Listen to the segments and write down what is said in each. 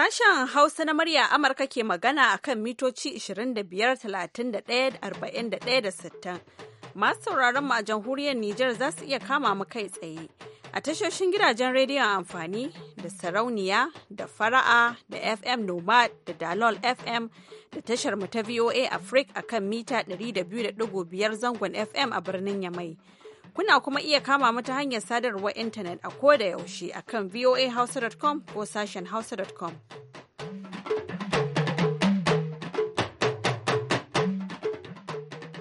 Sashen Hausa na murya Amurka ke magana a kan mitoci 25, da sittin Masu sauraron mu a jamhuriyar Nijar za su iya kama mu kai tsaye. A tashoshin gidajen rediyon amfani da sarauniya da fara'a da FM Nomad da Dalol FM da tashar mu ta VOA Africa a kan mita 200.5 zangon FM a birnin Yamai. Kuna kuma iya kama mu ta hanyar sadarwar intanet a ko da yaushe a kan voahausa.com ko sashen hausa.com.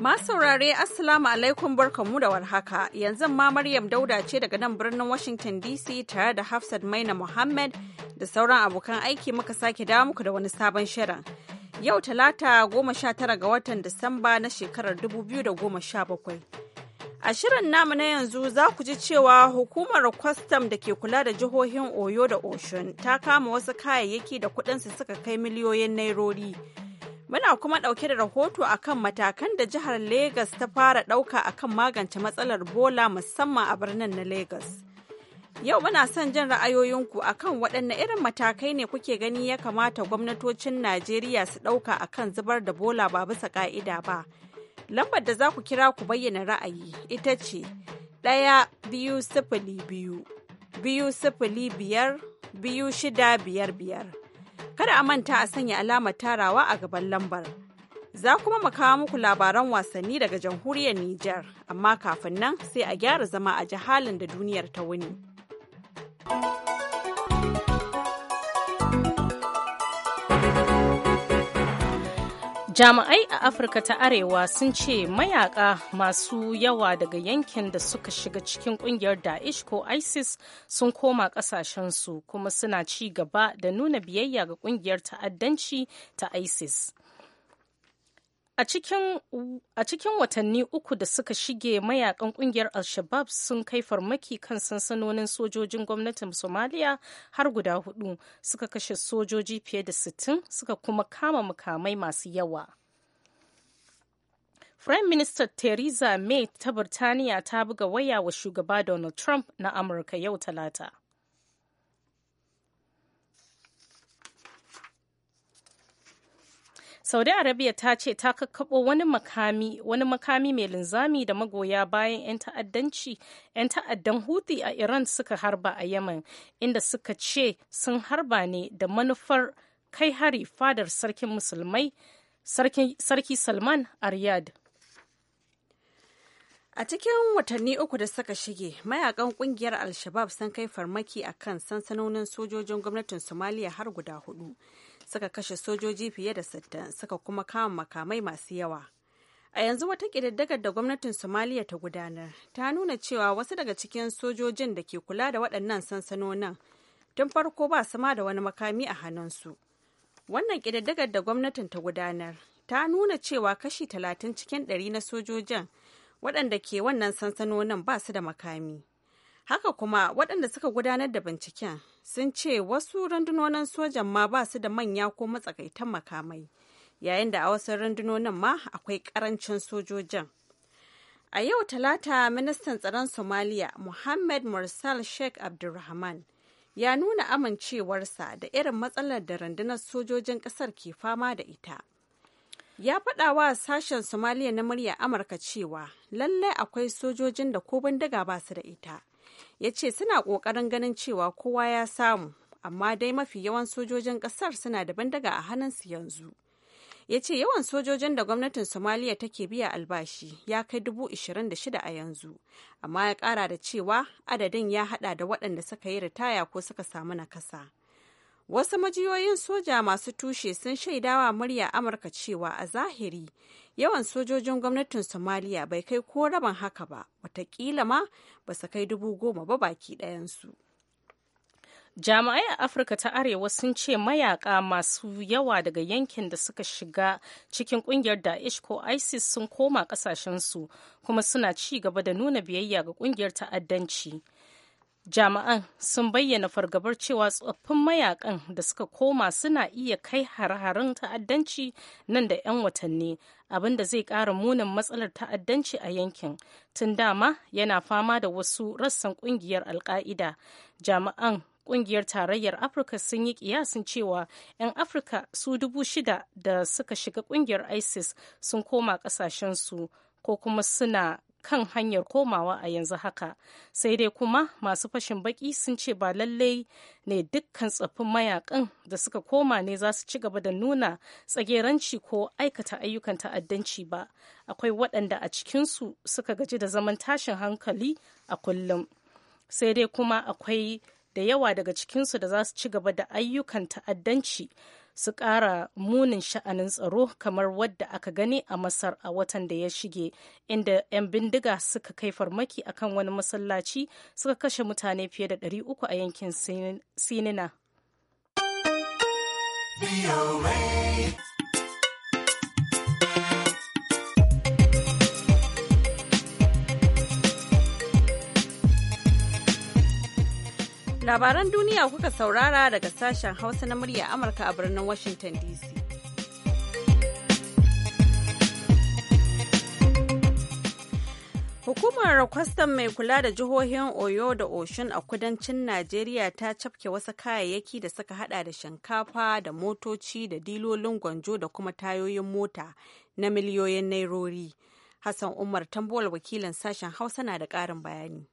Masu saurare Assalamu alaikum barkanmu da warhaka yanzu ma Maryam Dauda ce daga nan birnin Washington DC tare da Hafsat Maina Muhammad da sauran abokan aiki muka sake dawo muku da wani sabon shirin. Yau talata goma sha tara ga watan Disamba na shekarar 2017. A shirin namu na yanzu za ku ji cewa hukumar kwastam da ke kula da jihohin Oyo da Oshun ta kama wasu kayayyaki da kudinsu suka kai miliyoyin nairobi Muna kuma ɗauke da rahoto a kan matakan da jihar Legas ta fara ɗauka kan magance matsalar bola musamman a birnin na Legas. Yau muna son jin ra'ayoyinku a kan waɗanne irin matakai ne kuke gani ya kamata gwamnatocin Najeriya su ɗauka kan zubar da bola ba bisa ƙa'ida ba. Lambar da za ku kira ku bayyana ra'ayi ita ce ɗaya biyu sifili biyu, biyu sifili biyar, biyu shida biyar biyar. Kada a manta a sanya alamar tarawa a gaban lambar. Za kuma mu kawo muku labaran wasanni daga jamhuriyar Nijar, amma kafin nan sai a gyara zama a jihalin da duniyar ta wuni. jami'ai a afirka ta arewa sun ce mayaka masu yawa daga yankin da suka shiga cikin kungiyar daesh ko isis sun koma kasashensu kuma suna ci gaba da nuna biyayya ga kungiyar ta'addanci ta isis A cikin watanni uku da suka shige mayakan kungiyar Al-Shabab sun kai farmaki kan sansanonin sojojin gwamnatin Somalia har guda hudu suka kashe sojoji fiye da sittin, suka kuma kama mukamai masu yawa. Prime Minister Theresa May ta Birtaniya ta buga waya wa shugaba Donald Trump na Amurka yau Talata. saudi arabia ta ce ta kakkaɓo wani makami wani makami mai linzami da magoya bayan 'yan ta'addanci 'yan ta'addan huti a iran suka harba a yaman inda suka ce sun harba ne da manufar kai hari fadar sarkin musulmai sarki salman a riyad A cikin watanni uku da suka shige, mayakan kungiyar Al-Shabab sun kai farmaki a kan sansanonin sojojin gwamnatin somalia har guda hudu, suka kashe sojoji fiye da sittin suka kuma kama makamai masu yawa. A yanzu wata ƙididdigar da gwamnatin Somaliya ta gudanar ta nuna cewa wasu daga cikin sojojin da ke kula da waɗannan sansanonin tun farko ba su ma da wani makami a hannunsu. Wannan ƙididdigar da gwamnatin ta gudanar ta nuna cewa kashi talatin cikin ɗari na sojojin waɗanda ke wannan sansanonin ba su da makami. Haka kuma waɗanda suka gudanar da binciken sun ce wasu rundunonin sojan ma ba su da manya ko matsakaitan makamai, yayin da a wasu rundunonin ma akwai ƙarancin sojojin. A yau Talata, Ministan Tsaron Somalia, Muhammad Mursal Sheikh Abdulrahman, ya nuna amincewarsa da irin matsalar da rundunar sojojin ƙasar ke fama da ita. Ya faɗa wa sashen Somaliya na murya Amurka cewa lallai akwai sojojin da ko bindiga ba su da ita, ya ce suna ƙoƙarin ganin cewa kowa ya samu amma dai mafi yawan sojojin ƙasar suna da bandaga a hannunsu yanzu ya ce yawan sojojin da gwamnatin somaliya take biya albashi ya kai dubu ishirin da shida a yanzu amma ya ƙara da cewa adadin ya haɗa da waɗanda suka yi ritaya ko suka samu nakasa. Wasu majiyoyin soja masu tushe sun shaidawa murya Amurka cewa a zahiri yawan sojojin gwamnatin somaliya bai kai ko rabin haka ba watakila ma ba su kai dubu goma ba baki ɗayansu jami'ai a afirka ta arewa sun ce mayaka masu yawa daga yankin da suka shiga cikin kungiyar daesh ko isis sun koma kasashensu kuma suna ci gaba da nuna biyayya ga kungiyar ta'addanci jami'an sun bayyana fargabar cewa tsoffin mayakan da suka koma suna iya kai har harin ta'addanci nan da 'yan watanni da zai ƙara munin matsalar ta'addanci a yankin tun dama yana fama da wasu rassan ƙungiyar alka'ida jami'an ƙungiyar tarayyar afirka sun yi kiyasin cewa 'yan afirka su dubu shida da suka shiga ƙungiyar isis sun koma ƙasashensu ko kuma suna kan hanyar komawa a yanzu haka sai dai kuma masu fashin baki sun ce ba lallai ne dukkan tsaffin mayakan da suka koma ne za su ci gaba da nuna tsageranci ko aikata ayyukan ta'addanci ba akwai waɗanda a cikinsu suka gaji da zaman tashin hankali a kullum sai dai kuma akwai da yawa daga cikinsu da za su ci gaba da ayyukan ta'addanci su ƙara munin sha'anin tsaro kamar wadda aka gani a masar a watan da ya shige inda 'yan bindiga suka kai farmaki akan wani masallaci suka kashe mutane fiye da 300 a yankin sinina. Labaran duniya kuka saurara daga sashen Hausa na murya Amurka a birnin Washington DC. Hukumar kwastam mai kula da jihohin Oyo da Oshun a kudancin Najeriya ta cafke wasu kayayyaki da suka hada da shinkafa da motoci da dilolin gwanjo da kuma tayoyin mota na miliyoyin nairori. Hassan Umar tambuwal wakilin sashen Hausa na da ƙarin bayani.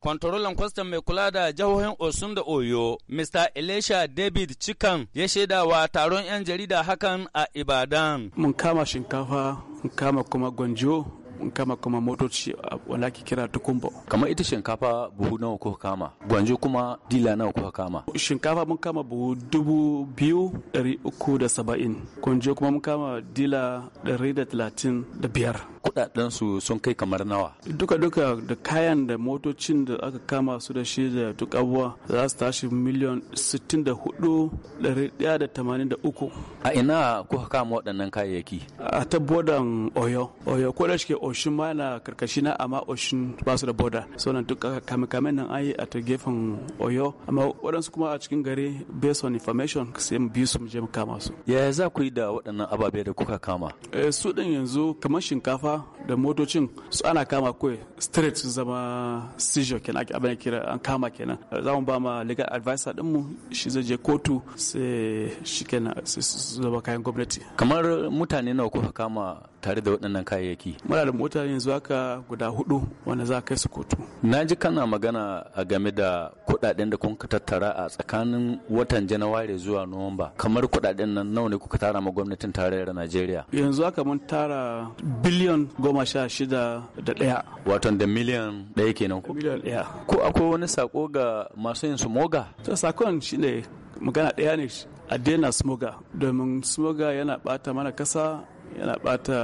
Kwantarolan kwastam mai kula da jihohin Osun da Oyo, Mr. Elisha David Chikan ya shaida wa taron 'yan jarida hakan a Ibadan. Mun kama shinkafa, mun kama kuma gwanjo, kama kuma motoci wala ki kira tukumbo kama ita shinkafa buhu nawa kuka kama gwanjo kuma dila nawa kuka kama shinkafa mun kama buhu dubu biyu dari uku da saba'in gwanjo kuma mun kama dila dari da talatin da biyar kudaden su sun kai kamar nawa duka duka da kayan da motocin da aka kama su da shi da duk abubuwa za su tashi miliyan sittin da hudu dari daya da tamanin da uku a ina kuka kama waɗannan kayayyaki a ta bodan oyo oyo ko da shi ke oshin ma yana karkashi na amma oshin ba su da boda sannan duk kamikamin nan an yi a ta gefen oyo amma waɗansu kuma a cikin gari based on information sai mu bi su mu je mu kama su yaya za ku yi da waɗannan ababe da kuka kama eh, su ɗin yanzu kamar shinkafa da motocin su ana kama kawai straight su zama seizure kenan abin kira an kama kenan za mu ba ma legal advisor ɗinmu shi zai je kotu sai shi kenan su zama kayan gwamnati kamar mutane nawa kuka kama tare da waɗannan kayayyaki muna da mutane yanzu haka guda hudu wanda za kai su kotu na ji kana magana a game da kudaden da kun tattara a tsakanin watan janawari zuwa nuwamba kamar kudaden nan nawa ne kuka tara ma gwamnatin tarayyar najeriya yanzu haka mun tara biliyan goma sha shida da daya Watan da miliyan daya kenan ko miliyan ɗaya. ko akwai wani sako ga masu yin su moga to sakon shine magana daya ne a daina smoga domin smoga yana bata mana kasa yana bata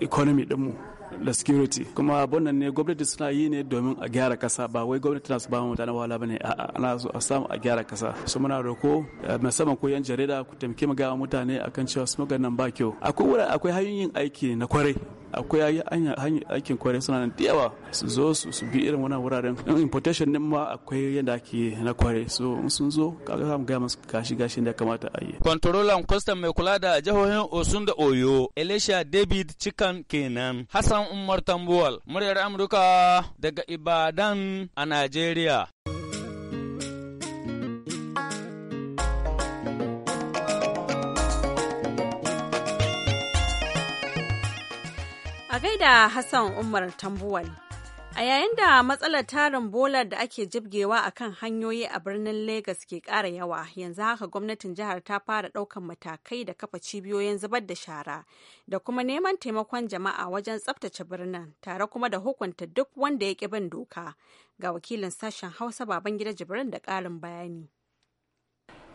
economy dinmu da security kuma wannan ne gwamnati suna yi ne domin a gyara kasa ba wai gwamnati na su ba mu wala wala bane a'a ana a samu a gyara kasa su muna roko eh, musamman ko yan jarida ku taimake mu ga mutane akan cewa su maganan ba kyau akwai akwai hanyoyin aiki na kwarai akwai aikin kwarai suna nan da yawa su zo su bi irin wannan wuraren importation din ma akwai yadda ake na kwarai so sun zo kaga za mu gashi gashi da kamata a yi controller custom mai kula da jihohin Osun da Oyo Elisha David cikan kenan Hassan Umar Tambuwal muryar Amurka daga Ibadan a Najeriya da Hassan Umar Tambuwal. A yayin da matsalar tarin bolar da ake jibgewa a kan hanyoyi a birnin Legas ke ƙara yawa, yanzu haka gwamnatin jihar ta fara ɗaukan matakai da kafa cibiyoyin zubar da shara da kuma neman taimakon jama'a wajen tsabtace birnin, tare kuma da hukunta duk wanda ya ƙi bin doka. Ga wakilin sashen Hausa Babangida Jibrin da ƙarin bayani.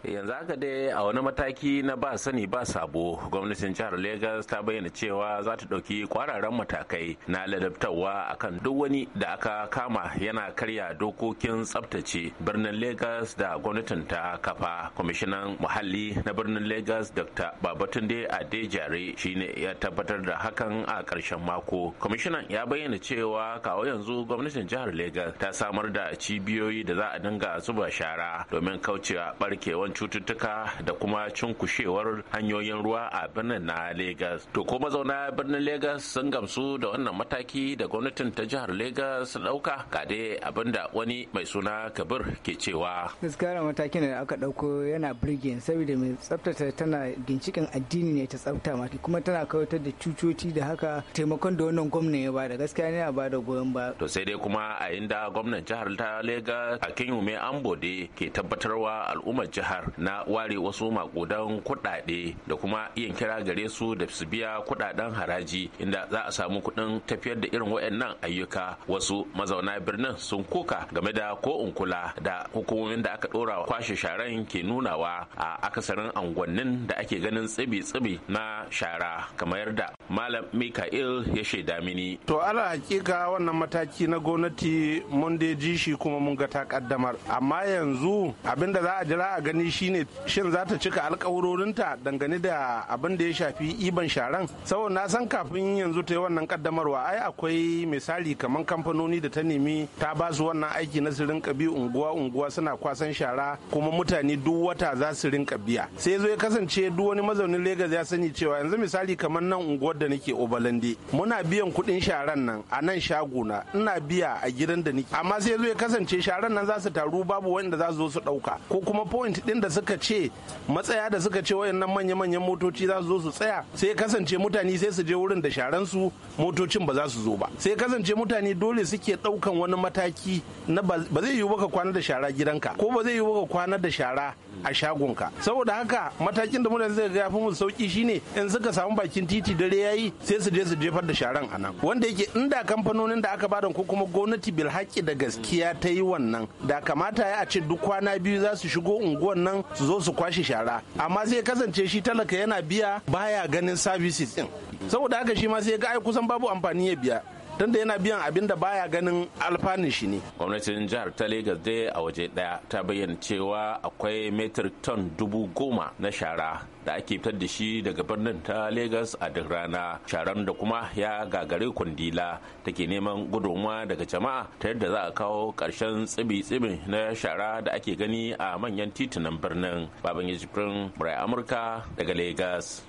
yanzu haka dai a wani mataki na ba sani ba sabo gwamnatin jihar lagos ta bayyana cewa za ta ɗauki kwararan matakai na ladabtarwa akan duk wani da aka kama yana karya dokokin tsabtace birnin lagos da gwamnatin ta kafa kwamishinan muhalli na birnin lagos dr babatunde adejare shine ya tabbatar da hakan a ƙarshen mako kwamishinan ya bayyana cewa kawo yanzu gwamnatin jihar lagos ta samar da cibiyoyi da za a dinga zuba shara domin kaucewa barkewar yawan cututtuka da kuma cunkushewar hanyoyin ruwa a birnin na Legas. To ko mazauna birnin Legas sun gamsu da wannan mataki da gwamnatin ta jihar Legas ɗauka ga dai abinda wani mai suna Kabir ke cewa. Gaskiya matakin da aka ɗauko yana birge saboda mai tsaftace tana ginshikin addini ne ta tsafta ma kuma tana kawatar da cucoci da haka taimakon da wannan gwamnati. ya bada gaskiya ne a bada goyon ba. To sai dai kuma a inda gwamnan jihar ta Legas a ambo Ambode ke tabbatarwa al'ummar jihar jihar na ware wasu makudan kuɗaɗe da kuma yin kira gare su da su biya kuɗaɗen haraji inda za a samu kuɗin tafiyar da irin wayannan ayyuka wasu mazauna birnin sun kuka game da ko unkula da hukumomin da aka ɗora kwashe sharan ke nunawa a akasarin angwannin da ake ganin tsibi-tsibi na shara kamar da malam mika'il ya shaida mini to ala hakika wannan mataki na gwamnati mun ji shi kuma mun ga ta kaddamar amma yanzu abinda za a jira a gani yi shine shin za ta cika alkawarorinta dangane da abin da ya shafi iban sharan saboda na san kafin yanzu ta yi wannan kaddamarwa ai akwai misali kamar kamfanoni da ta nemi ta ba su wannan aiki na sirrin kabi unguwa unguwa suna kwasan shara kuma mutane duk wata za su rinka biya sai zo ya kasance duk wani mazaunin Legas ya sani cewa yanzu misali kamar nan unguwar da nake Obalande muna biyan kuɗin sharan nan a nan shagona ina biya a gidan da nake amma sai zo ya kasance sharan nan za su taru babu wanda za su zo su ɗauka ko kuma point ɗin wurin da suka ce matsaya da suka ce wayannan manya-manyan motoci za su zo su tsaya sai kasance mutane sai su je wurin da sharan su motocin ba za su zo ba sai kasance mutane dole suke daukan wani mataki na ba zai yiwu ka kwana da shara gidanka ko ba zai yiwu ka kwana da shara a shagonka saboda haka matakin da mutane zai ga yafi mu sauki shine in suka samu bakin titi dare yayi sai su je su jefar da sharan anan. nan wanda yake inda kamfanonin da aka bada ko kuma gwamnati bil haƙƙi da gaskiya ta yi wannan da kamata ya a ce duk kwana biyu za su shigo unguwan nan su zo su kwashe shara amma zai kasance shi talaka yana biya baya ganin services din saboda haka shi ma sai ga ai kusan babu amfani ya biya don da yana biyan abin da baya ganin alfanun shi ne gwamnatin jihar ta Legas dai a waje ɗaya ta bayyana cewa akwai metric ton dubu goma na shara da ake fitar da shi daga birnin ta Legas a duk rana sharan da kuma ya gagare kundila da ke neman gudunmuwa daga jama'a ta yadda za a kawo karshen tsibi tsibi na shara da ake gani a manyan titunan birnin baban Yajifin amurka daga Legas.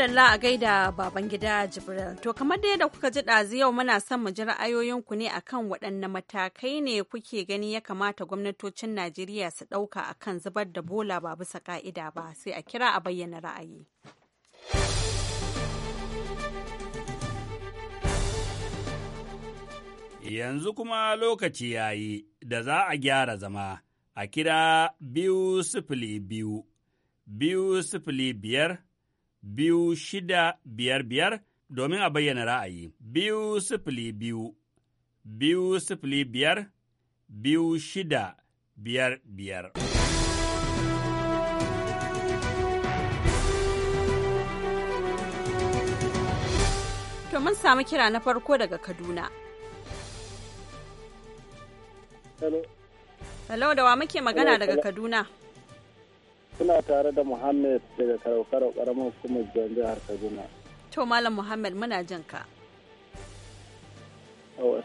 madalla a gaida baban gida Jibril. To kamar da kuka ji ɗazu yau muna son mu ji ra'ayoyinku ne akan waɗanne matakai ne kuke gani ya kamata gwamnatocin Najeriya su ɗauka akan zubar da bola ba bisa ka'ida ba sai a kira a bayyana ra'ayi. Yanzu kuma lokaci ya yi da za a gyara zama a kira biyu sifili biyu, biyu sifili biyar biyu shida biyar biyar domin a bayyana ra'ayi. Biyu sifili biyu, biyu sifili biyar, biyu shida biyar biyar. To mun samu kira na farko daga Kaduna. Hello. Hello da wa muke magana daga Kaduna? Suna tare da Muhammad daga karaukar karamar hukumar jihar Kaduna. To Malam Muhammad muna jin ka.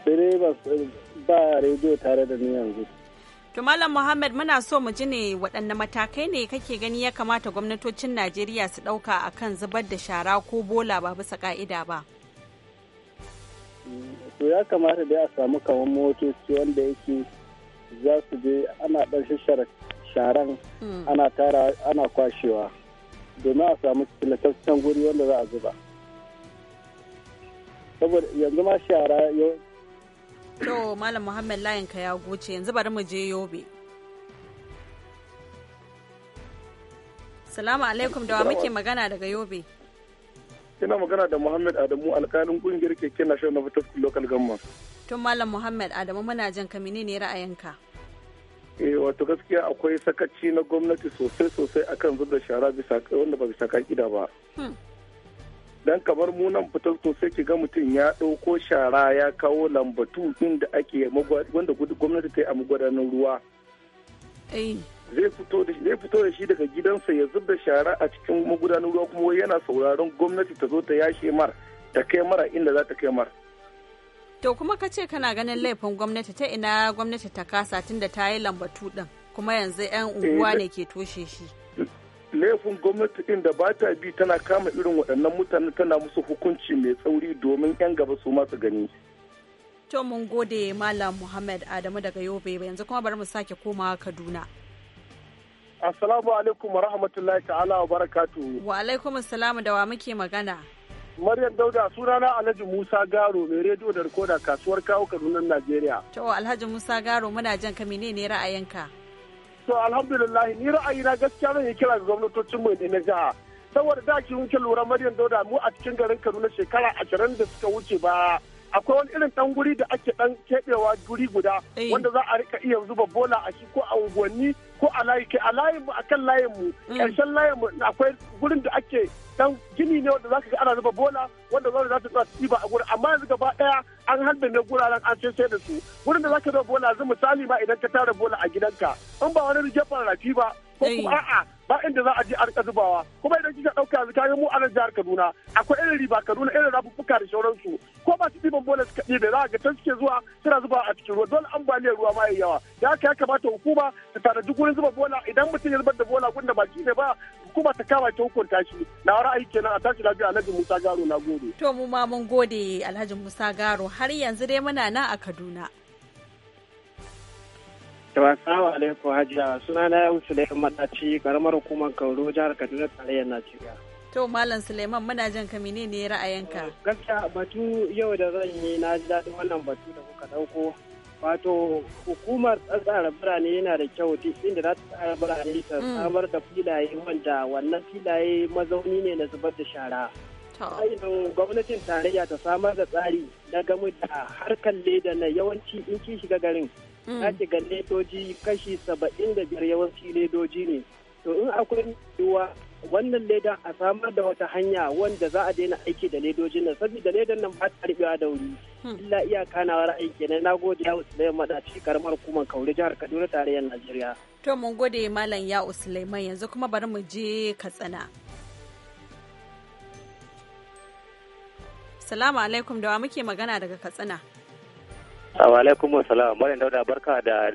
sai dai ba rediyo tare da ni yanzu. To Malam Muhammad muna so mu ji ne waɗanne matakai ne kake gani ya kamata gwamnatocin Najeriya su ɗauka a kan zubar da shara ko bola ba bisa ƙa'ida ba. To ya kamata dai a samu kamar motoci wanda yake za su je ana ɗan shashara sharan mm. ana tara ana kwashewa domin a samu kilataccen guri wanda za a zuba saboda yanzu ma shara yau to malam muhammad layinka ya goce yanzu bari mu je yobe salamu alaikum da wa muke magana daga yobe ina magana da muhammad adamu alkalin kungiyar keke na shan na fitar local government tun malam muhammad adamu muna jan ka ne ra'ayinka eh wato gaskiya akwai sakaci na gwamnati sosai sosai akan zuba shara bisa wanda ba bisa ka'ida ba hmm. dan kamar mu nan fitar sosai ki ga mutum ya ɗauko shara ya kawo lambatu inda ake wanda gwamnati ta yi a magudanar ruwa eh. zai fito da shi daga gidansa ya zub shara a cikin magudanar ruwa kuma yana sauraron gwamnati ta zo ta yashe mar ta kai mara inda za ta kai mar. To kuma ka ce kana ganin laifin gwamnati ta ina gwamnati ta kasa tun da ta yi lambatu ɗin kuma yanzu 'yan eh, unguwa ne ke toshe shi. Laifin gwamnati ɗin da ba ta bi tana kama irin waɗannan mutane tana musu hukunci mai tsauri domin 'yan gaba su masu gani. To mun gode Malam Muhammad Adamu daga Yobe yanzu kuma bari mu sake komawa Kaduna. Assalamu alaikum wa rahmatullahi ta'ala wa barakatu. Wa alaikum assalamu da wa muke magana. Maryam Dauda sunana Alhaji Musa Garo mai rediyo da rikoda kasuwar kawo Kaduna Najeriya. To Alhaji Musa Garo muna jan ka menene ra'ayinka? To alhamdulillah ni ra'ayi na gaskiya zan yi kira ga gwamnatocin mu ne na jiha. Saboda da ki mun lura Maryam Dauda mu a cikin garin Kaduna shekara ashirin da suka wuce ba akwai wani irin ɗan guri da ake ɗan kebewa guri guda eh. wanda za a rika iya zuba bola a shi ko a unguwanni ko a layi a layin mu akan layin mu karshen mm. layin mu akwai gurin da ake dan gini ne wanda zaka ga ana zuba bola wanda zaune za ta tsaya ci ba a gurin amma yanzu gaba daya an hadda ne guraren an sai sai da su wurin da zaka zuba bola yanzu misali ma idan ka tara bola a gidanka in ba wani rijefan rafi ba ko kuma a'a ba inda za a je a rika zubawa kuma idan kika dauka yanzu kayan mu a nan jihar Kaduna akwai irin riba Kaduna irin rafuffuka da sauransu ko ba su ɗiban bola suka ɗibe za a ga can suke zuwa suna zuba a cikin ruwa dole ambaliyar ruwa ma yayi yawa da haka ya kamata hukuma ta tanadi gurin zuba bola idan mutum ya zubar da bola gunda baki ne ba hukuma ta kama ta hukunta shi na ra'ayi kenan a tashi lafiya Alhaji Musa Garo na gode. To mu ma mun gode Alhaji Musa Garo har yanzu dai muna nan a Kaduna. Assalamu alaikum Hajiya na Yau Suleiman Mataci karamar hukumar Kauro jihar Kaduna tarayyar Najeriya. To Malam Suleiman muna jan ka menene ra'ayinka? Gaskiya batu yau da zan yi na ji daɗin wannan batu da kuka ɗauko wato hukumar tsara birane yana da kyau duk inda za ta tsara birane ta mm. samar da filaye wanda wannan filaye mazauni ne na zubar da shara ainihin gwamnatin tarayya ta samar da tsari na gami da harkar leda na yawanci in ki shiga garin na mm. shiga ledoji kashi saba'in da biyar yawanci ledoji ne to in akwai yiwuwa wannan leda a samar da wata hanya wanda za a daina aiki da ledojin nan saboda ledan nan ba ta da wuri Hmm. illa iyaka na ra'ayi kenan na gode ya a cikin karamar hukumar kauri jihar kaduna tarayyar najeriya to mun gode malam ya usulaiman yanzu kuma bari mu je katsina salamu alaikum da wa muke magana daga katsina alaikum salam maryam dauda barka da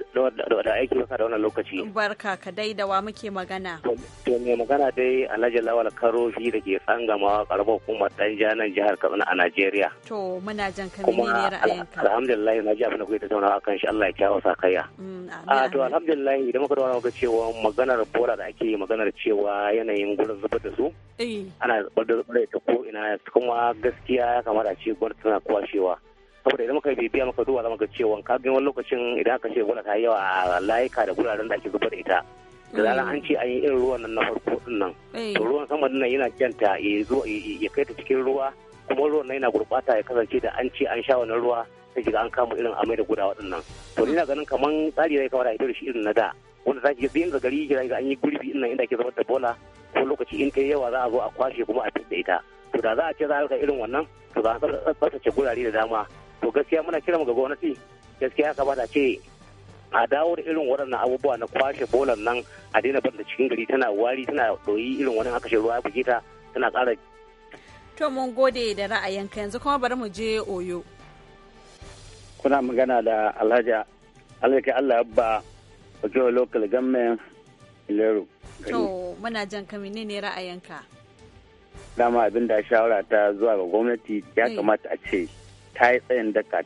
da aiki maka da wannan lokaci barka ka dai da wa muke magana to me magana dai alhaji lawal karofi da ke tsangama karamar hukumar dan janan jihar kaduna a najeriya to muna jan ka ne ra'ayinka alhamdulillah na ji abin da kuke tattaunawa akan shi Allah ya kyawo sakayya mm, a ah, to alhamdulillah idan muka dawo muka cewa maganar bola da ake maganar cewa yanayin gurin zubar da su eh. ana zubar da ta ko ina kuma gaskiya ya kamata a ce gwamnati tana kwashewa saboda idan muka bibiya muka duba zama ga cewa ka ga wani lokacin idan aka ce bola ta yawa a layuka da guraren da ake zubar da ita da zaran an ce an yi irin ruwan nan na farko din nan eh. to ruwan sama din nan yana kyanta ya kai ta cikin ruwa kuma ruwan nan yana gurbata ya kasance da an ce an sha wannan ruwa sai shiga an kama irin amai da gudawa din nan to ina ganin kaman tsari zai kamata da hito shi irin na da wanda zaki zai ga gari kira ga an yi gurbi din nan inda ake zubar da bola ko lokaci in kai yawa za a zo a kwashe kuma a fitta ita to da za a ce za a irin wannan to za a tsaftace gurare da dama to gaskiya muna kira ga gwamnati gaskiya ya kamata ce a dawo da irin waɗannan abubuwa na kwashe bolan nan a daina ban da cikin gari tana wari tana ɗoyi irin wani aka ruwa ya buge ta tana ƙara. To mun gode da ra'ayinka yanzu kuma bari mu je Oyo. Kuna magana da Alhaji Alhaji Allah Abba Ojo Local Government Ilero. To muna jan ka ne ra'ayinka? Dama abin da shawara ta zuwa ga gwamnati ya eh. kamata a ce. ta yi tsayin daka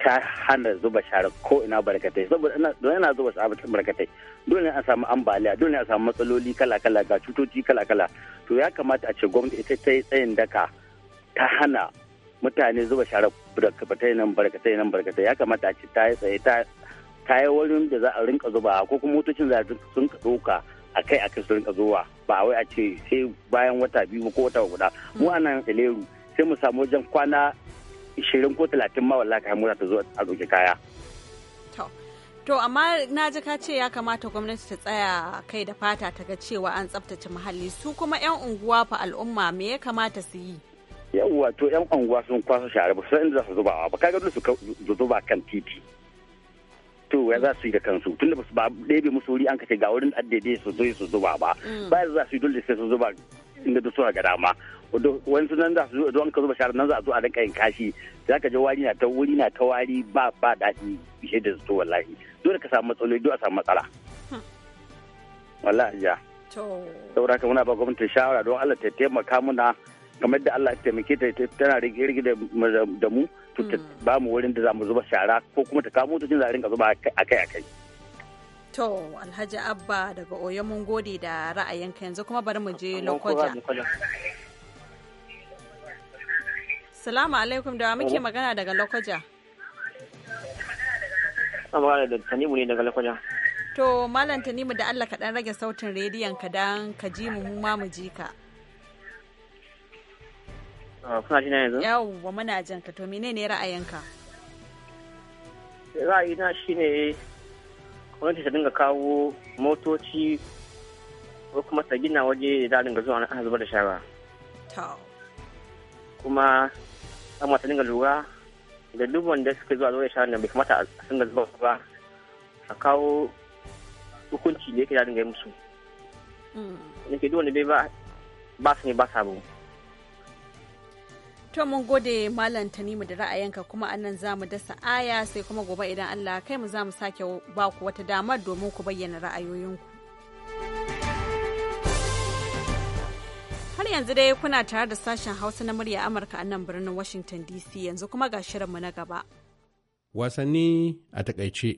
ta hana zuba shara ko ina barkatai saboda ina zuba shara barkatai dole a samu ambaliya dole a samu matsaloli kala-kala ga cutoci kala-kala to ya kamata a ce gwamnati ita ta yi tsayin daka ta hana mutane zuba shara barkatai nan barkatai nan barkatai ya kamata a ce ta yi tsaye ta yi wurin da za a rinka zuba ko kuma motocin za sun ka ɗauka a kai a kai su rinka zuwa ba wai a ce sai bayan wata biyu ko wata guda mu a nan eleru sai mu samu wajen kwana ishirin ko talatin ma wallahi kayan mura ta zo a ɗauki kaya. To amma na ji ka ce ya kamata gwamnati ta tsaya kai da fata ta ga cewa an tsaftace muhalli su kuma 'yan unguwa fa al'umma me ya kamata su yi? Yawwa to 'yan unguwa sun kwasa share ba su inda za su zuba ba kaga su zuba kan titi. To ya za su yi da kansu tunda ba ɗebe musu wuri an kace ga wurin addede su zo su zuba ba. Mm. Ba za su yi dole sai su zuba inda da suka ga dama wani nan za su don ka zuba shara nan za a zo a rinka yin kashi za ka ji wari na ta wuri na ta wari ba ba daɗi bishe da zato wallahi dole ka samu matsaloli dole a samu matsala hmm. wallahi ja saboda ka muna ba gwamnati shawara don Allah ta taimaka muna kamar da Allah ta taimake ta tana rige da mu ta hmm. ba mu wurin da za mu zuba shara ko kuma ta kamo motocin za a rinka zuba akai akai To, Alhaji Abba daga Oyo mun gode da ra'ayinka yanzu kuma bari mu je Lokoja. Salamu alaikum da muke magana daga Lokoja. Amma da Tanimu ne daga Lokoja. To Malam Tanimu da Allah kaɗan rage sautin rediyon ka dan ka ji mu ma mu ji ka. Ah, kuna na yanzu? Yawwa muna jin ka to menene ra'ayinka? Ra'ayina shine gwamnati ta dinga kawo motoci ko kuma ta gina waje da dinga zuwa na zubar da shara. Kuma amma ta dinga lura da duk wanda suka zuwa zuwa shahar nan bai kamata a da zuba ba a kawo hukunci da yake da dinga yi musu nake mm. duk wanda bai ba su ne ba sabo To mun gode Malam Tanimu da ra'ayinka kuma nan za mu dasa aya sai kuma gobe idan Allah kai mu za mu sake ba ku wata damar domin ku bayyana ra'ayoyinku. Har yanzu dai kuna tare da sashen Hausa na murya Amurka a nan birnin Washington DC yanzu kuma ga shirinmu na gaba. Wasanni a takaice.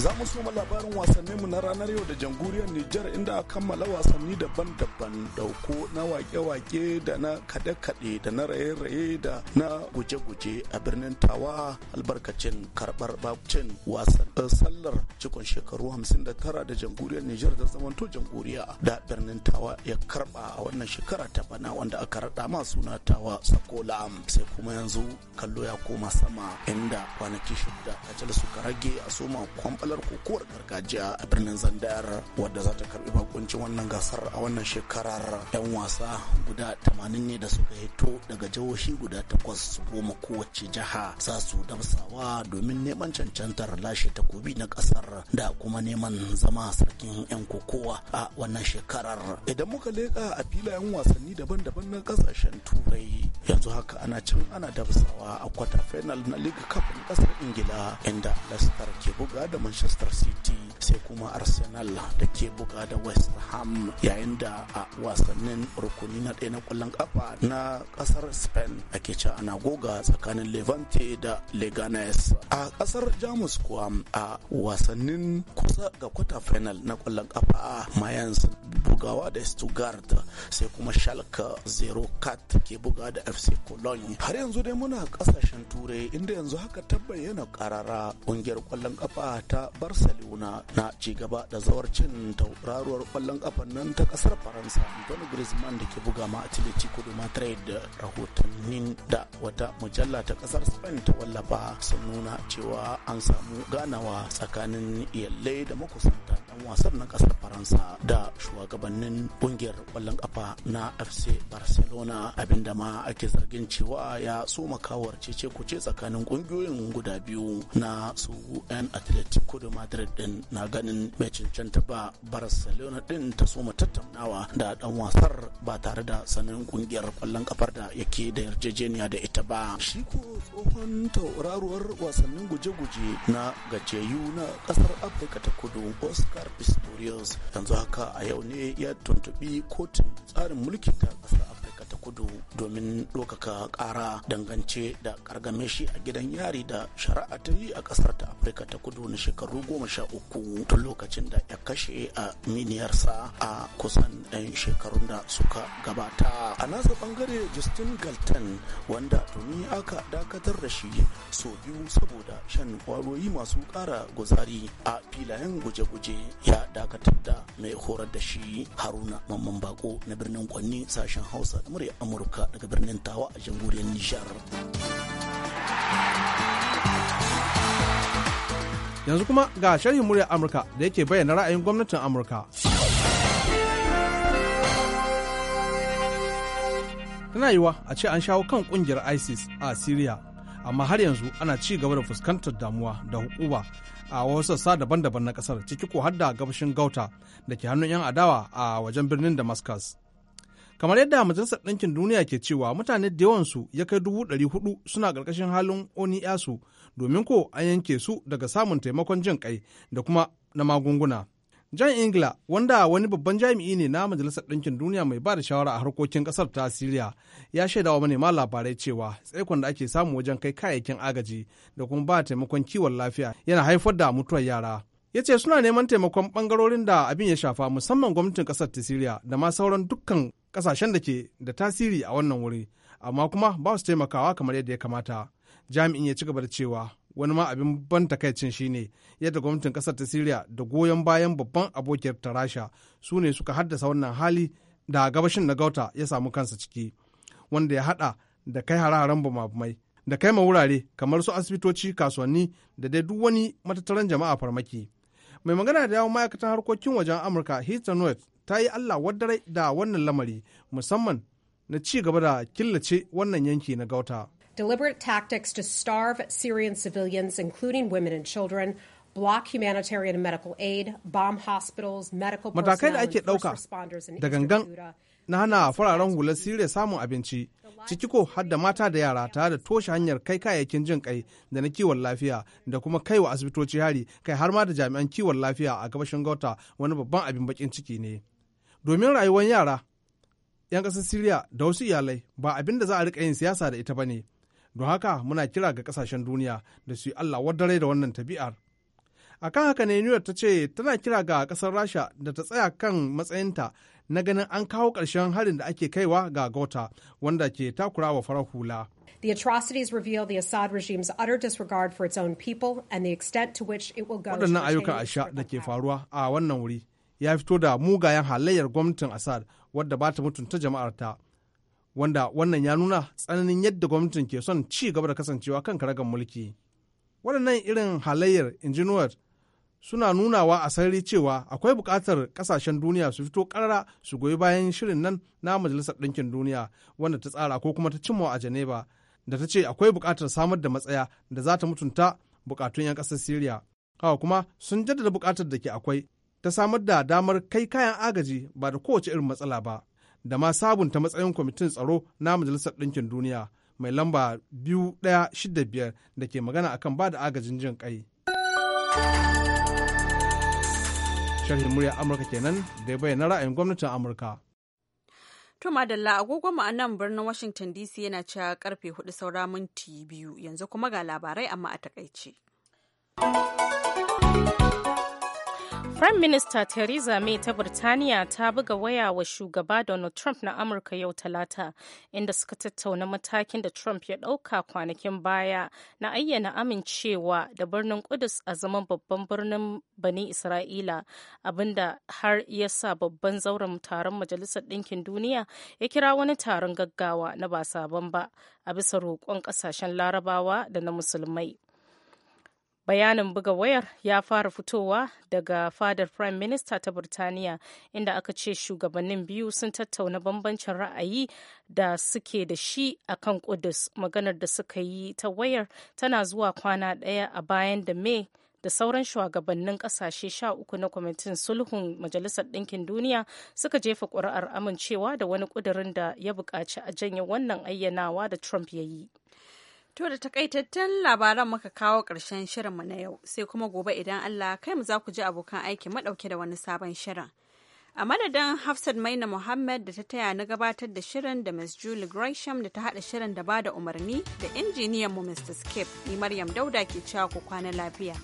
Za mu soma labarin wasannin mu na ranar yau da jamhuriyar Nijar inda a kammala wasanni daban-daban dauko na wake-wake da na kaɗe-kaɗe da na raye-raye da na guje-guje a birnin Tawa albarkacin karbar bakucin wasan eh, sallar cikon shekaru 59 da jamhuriyar Nijar ta zamanto jamhuriya da birnin Tawa ya karɓa a wannan shekara ta bana wanda aka raɗa ma suna Tawa Sakola sai kuma yanzu kallo ya koma sama inda kwanaki shida a suka rage a soma kwamfal dalar kokowar gargajiya a birnin zandar wadda za ta karbi bakuncin wannan gasar a wannan shekarar yan wasa guda tamanin ne da suka hito daga jihohi guda takwas su goma kowace jiha za su damsawa domin neman cancantar lashe takobi na kasar da kuma neman zama sarkin yan kokowa a wannan shekarar idan muka leka a filayen wasanni daban-daban na kasashen turai yanzu haka ana can ana damsawa a kwata final na league cup na kasar ingila inda leicester ke buga da manchester Manchester City sai kuma arsenal da ke buga da west ham yayin da a wasannin rukuni na ɗaya na ƙwallon ƙafa na ƙasar spain ake ci ana goga tsakanin levante da leganes a ƙasar jamus kuwa a wasannin kusa ga kwata final na ƙwallon ƙafa mayan bugawa da stuttgart sai kuma schalke zero cat ke buga da fc cologne har yanzu dai muna ƙasashen turai inda yanzu haka tabbayyana karara ƙungiyar kwallon ƙafa ta barcelona na ci gaba da zawarcin tauraruwar kwallon kafan nan ta kasar faransa antoine griezmann da ke buga ma atletico de madrid rahotannin da wata mujalla ta kasar spain ta wallafa sun nuna cewa an samu ganawa tsakanin yalle da makusanta dan wasan na kasar faransa da shugabannin kungiyar kwallon kafa na fc barcelona abinda ma ake zargin cewa ya so kawar cece kuce tsakanin kungiyoyin guda biyu na su 'yan atletico de madrid din na ganin mai cancanta ba barcelona din ta soma tattaunawa da dan wasar ba tare da sanin kungiyar kwallon kafar da yake da yarjejeniya da ita ba shi ko tsohon tauraruwar wasannin guje-guje na gajeyu na kasar afirka ta kudu oscar pistorius yanzu haka a yau ne ya tuntubi kotun tsarin mulkin ta kasar ta kudu domin ɗaukaka ƙara dangance da ƙargame shi a gidan yari da shari'a ta yi a ƙasar ta afirka ta kudu na shekaru goma sha uku tun lokacin da ya kashe a miniyarsa a kusan ɗan shekarun da suka gabata a nasa bangare justin galton wanda tuni aka dakatar da shi so biyu saboda shan kwayoyi masu ƙara guzari a filayen guje-guje ya dakatar da mai horar da shi haruna mamman bako na birnin kwanni sashen hausa da murya Amurka daga birnin Tawa a jamhuriyar Nijar. Yanzu kuma ga sharhin muryar Amurka da yake bayyana ra'ayin gwamnatin Amurka. Tana yiwa a ce an shawo kan kungiyar ISIS a Syria, amma har yanzu ana ci gaba da fuskantar damuwa da hukuma a wasu sassa daban-daban na kasar ciki ko har da gabashin Gauta da ke hannun 'yan adawa a wajen birnin Damascus. kamar yadda majalisar ɗinkin duniya ke cewa mutane da yawansu ya kai dubu ɗari hudu suna ƙarƙashin halin oni yasu domin ko an yanke su daga samun taimakon jin kai da kuma na magunguna jan ingila wanda wani babban jami'i ne na majalisar ɗinkin duniya mai ba da shawara a harkokin ƙasar ta siriya ya shaidawa manema labarai cewa tsaikon da ake samu wajen kai kayayyakin agaji da kuma ba taimakon kiwon lafiya yana haifar da mutuwar yara ya ce suna neman taimakon bangarorin da abin ya shafa musamman gwamnatin kasar ta siriya da ma sauran dukkan kasashen da ke da tasiri a wannan wuri amma kuma ba su taimakawa kamar yadda ya kamata jami'in ya ci gaba da cewa wani ma abin ban takaicin shine yadda gwamnatin kasar ta siriya da goyon bayan babban abokiyar ta rasha su ne suka haddasa wannan hali da gabashin na gauta ya samu kansa ciki wanda ya hada da kai hare-haren bumabumai da kai ma wurare kamar su asibitoci kasuwanni da dai duk wani matattaran jama'a farmaki mai magana da yawon ma'aikatan harkokin wajen amurka North. ta yi Allah wadare da wannan lamari musamman na ci gaba da killace wannan yanki na Gauta. Deliberate tactics to starve Syrian civilians, including women and children, block humanitarian and medical aid, bomb hospitals, medical Matakai da ake ɗauka da gangan na hana fararen hular Siriya samun abinci, ciki ko hadda mata da yara tare da toshe hanyar kai kayayyakin jin kai da na kiwon lafiya da kuma kaiwa asibitoci hari kai har ma da jami'an kiwon lafiya a gabashin Gauta wani babban abin bakin ciki ne. domin rayuwar yara 'yan ƙasar Siriya da wasu iyalai ba abin da za a rika yin siyasa da ita ba ne. Don haka muna kira ga ƙasashen duniya da su yi Allah wadare da wannan tabi'ar. A kan haka ne New York ta ce tana kira ga ƙasar Rasha da ta tsaya kan matsayinta na ganin an kawo ƙarshen harin da ake kaiwa ga Gota wanda ke takura wa farar hula. The atrocities reveal the Assad regime's utter disregard for its own people and the extent to which it will go. Waɗannan ayyukan asha da ke faruwa a wannan wuri ya fito da mugayen halayyar gwamnatin Assad wadda ba ta mutunta jama'arta. Wanda wannan ya nuna tsananin yadda gwamnatin ke son ci gaba da kasancewa kan karagar mulki. Waɗannan irin halayyar injiniyar suna nunawa a sarari cewa akwai buƙatar ƙasashen duniya su fito ƙarara su goyi bayan shirin nan na Majalisar Ɗinkin Duniya wanda ta tsara ko kuma ta cimma a Geneva da ta ce akwai buƙatar samar da matsaya da za ta mutunta buƙatun 'yan ƙasar Siriya. Hawa kuma sun jaddada buƙatar da ke akwai ta samar da damar kai kayan agaji ba da kowace irin matsala ba da ma sabunta matsayin kwamitin tsaro na majalisar ɗinkin duniya mai lamba 2165 da ke magana akan ba da agajin jin kai. sharhin murya amurka kenan da ya bayyana ra'ayin gwamnatin amurka To Madalla agogon mu a nan birnin Washington DC yana cewa karfe hudu saura minti biyu yanzu kuma ga labarai amma a takaice. Prime Minister Theresa May ta Birtaniya ta buga waya wa shugaba Donald Trump na Amurka yau Talata, inda suka tattauna matakin da Trump ya ɗauka kwanakin baya na ayyana amincewa da birnin Kudus a zaman babban birnin Bani Isra'ila, abinda har ya sa babban zauren taron Majalisar Ɗinkin Duniya ya kira wani taron gaggawa na ba sabon ba, a bisa roƙon ƙasashen Larabawa da na Musulmai. bayanin buga wayar ya fara fitowa daga fadar prime minister ta burtaniya inda aka ce shugabannin biyu sun tattauna bambancin ra'ayi da suke da shi a kan kudus maganar da suka yi ta wayar tana zuwa kwana ɗaya a bayan da me da sauran shugabannin kasashe sha uku na kwamitin sulhun majalisar ɗinkin duniya suka jefa ƙuri'ar amincewa da wani ƙudurin da ya buƙaci a janye wannan ayyanawa da trump ya yi To da takaitattun labaran muka kawo ƙarshen mu na yau sai kuma gobe idan Allah kai mu za ku ji abokan aiki maɗauke da wani sabon shirin. A madadin Hafsat Maina Muhammad da ta taya na gabatar da shirin da Ms. Julie Gresham da ta haɗa shirin da bada umarni da injiniyanmu Mr. Skip, ni Maryam Dauda ke cewa ku kwana lafiya.